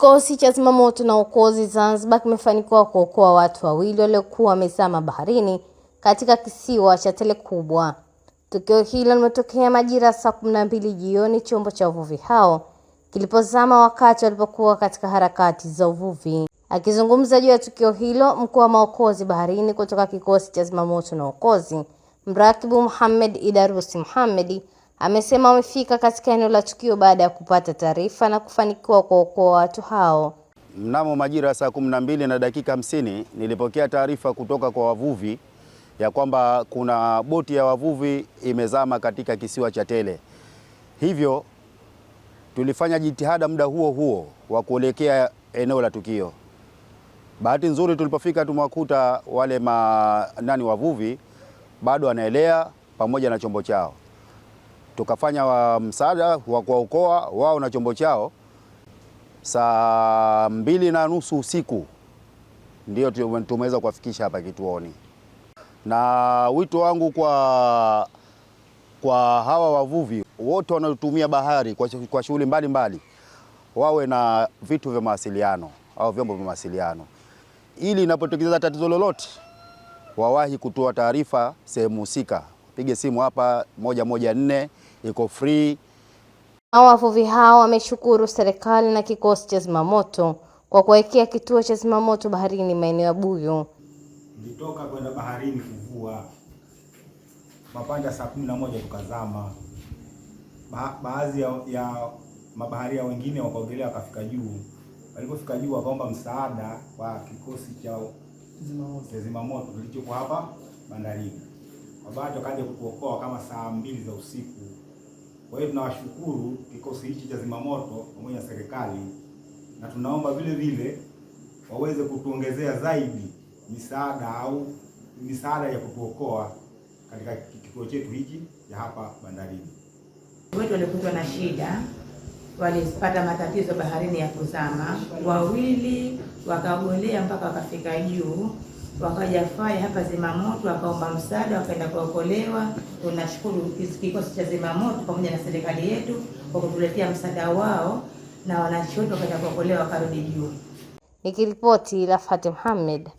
Kikosi cha zimamoto na uokozi Zanzibar kimefanikiwa kuokoa watu wawili waliokuwa wamezama baharini katika kisiwa cha Tele Kubwa. Tukio hilo limetokea majira ya saa kumi na mbili jioni, chombo cha uvuvi hao kilipozama wakati walipokuwa katika harakati za uvuvi. Akizungumza juu ya tukio hilo, mkuu wa maokozi baharini kutoka kikosi cha zimamoto na uokozi, mrakibu Muhamed Idarusi Muhamedi amesema wamefika katika eneo la tukio baada ya kupata taarifa na kufanikiwa kuokoa watu hao. Mnamo majira ya saa kumi na mbili na dakika hamsini nilipokea taarifa kutoka kwa wavuvi ya kwamba kuna boti ya wavuvi imezama katika kisiwa cha Tele. Hivyo tulifanya jitihada muda huo huo wa kuelekea eneo la tukio. Bahati nzuri tulipofika tumewakuta wale ma nani wavuvi bado wanaelea pamoja na chombo chao tukafanya wa uh, msaada wa kuwaokoa wao na chombo chao. Saa mbili na nusu usiku ndio tumeweza kuwafikisha hapa kituoni, na wito wangu kwa, kwa hawa wavuvi wote wanaotumia bahari kwa, kwa shughuli mbalimbali wawe na vitu vya mawasiliano au vyombo vya mawasiliano ili inapotokeza tatizo lolote wawahi kutoa taarifa sehemu husika. Pige simu hapa moja moja nne iko free. Wavuvi hao wameshukuru serikali na kikosi cha zimamoto kwa kuwekea kituo cha zimamoto baharini maeneo ya Buyu. Nilitoka kwenda baharini kuvua mapanda saa kumi na moja tukazama. Ba baadhi ya, ya mabaharia wengine wakaogelea wakafika juu. Walipofika juu wakaomba msaada kwa kikosi cha zimamoto kilichokuwa hapa bandarini. Baadaye wakaja kukuokoa kama saa mbili za usiku. Kwa hiyo tunawashukuru kikosi hichi cha zimamoto pamoja na serikali, na tunaomba vile vile waweze kutuongezea zaidi misaada au misaada ya kutuokoa katika kituo chetu hiki cha hapa bandarini. Wetu walikutwa na shida, walipata matatizo baharini ya kuzama, wawili wakagolea mpaka wakafika juu wakaja fai hapa zimamoto, wakaomba msaada, wakaenda kuokolewa. Tunashukuru kikosi cha zimamoto pamoja na serikali yetu kwa kutuletea msaada wao, na wananchi wetu wakaenda kuokolewa, wakarudi juu. Nikiripoti Rafat Muhammad.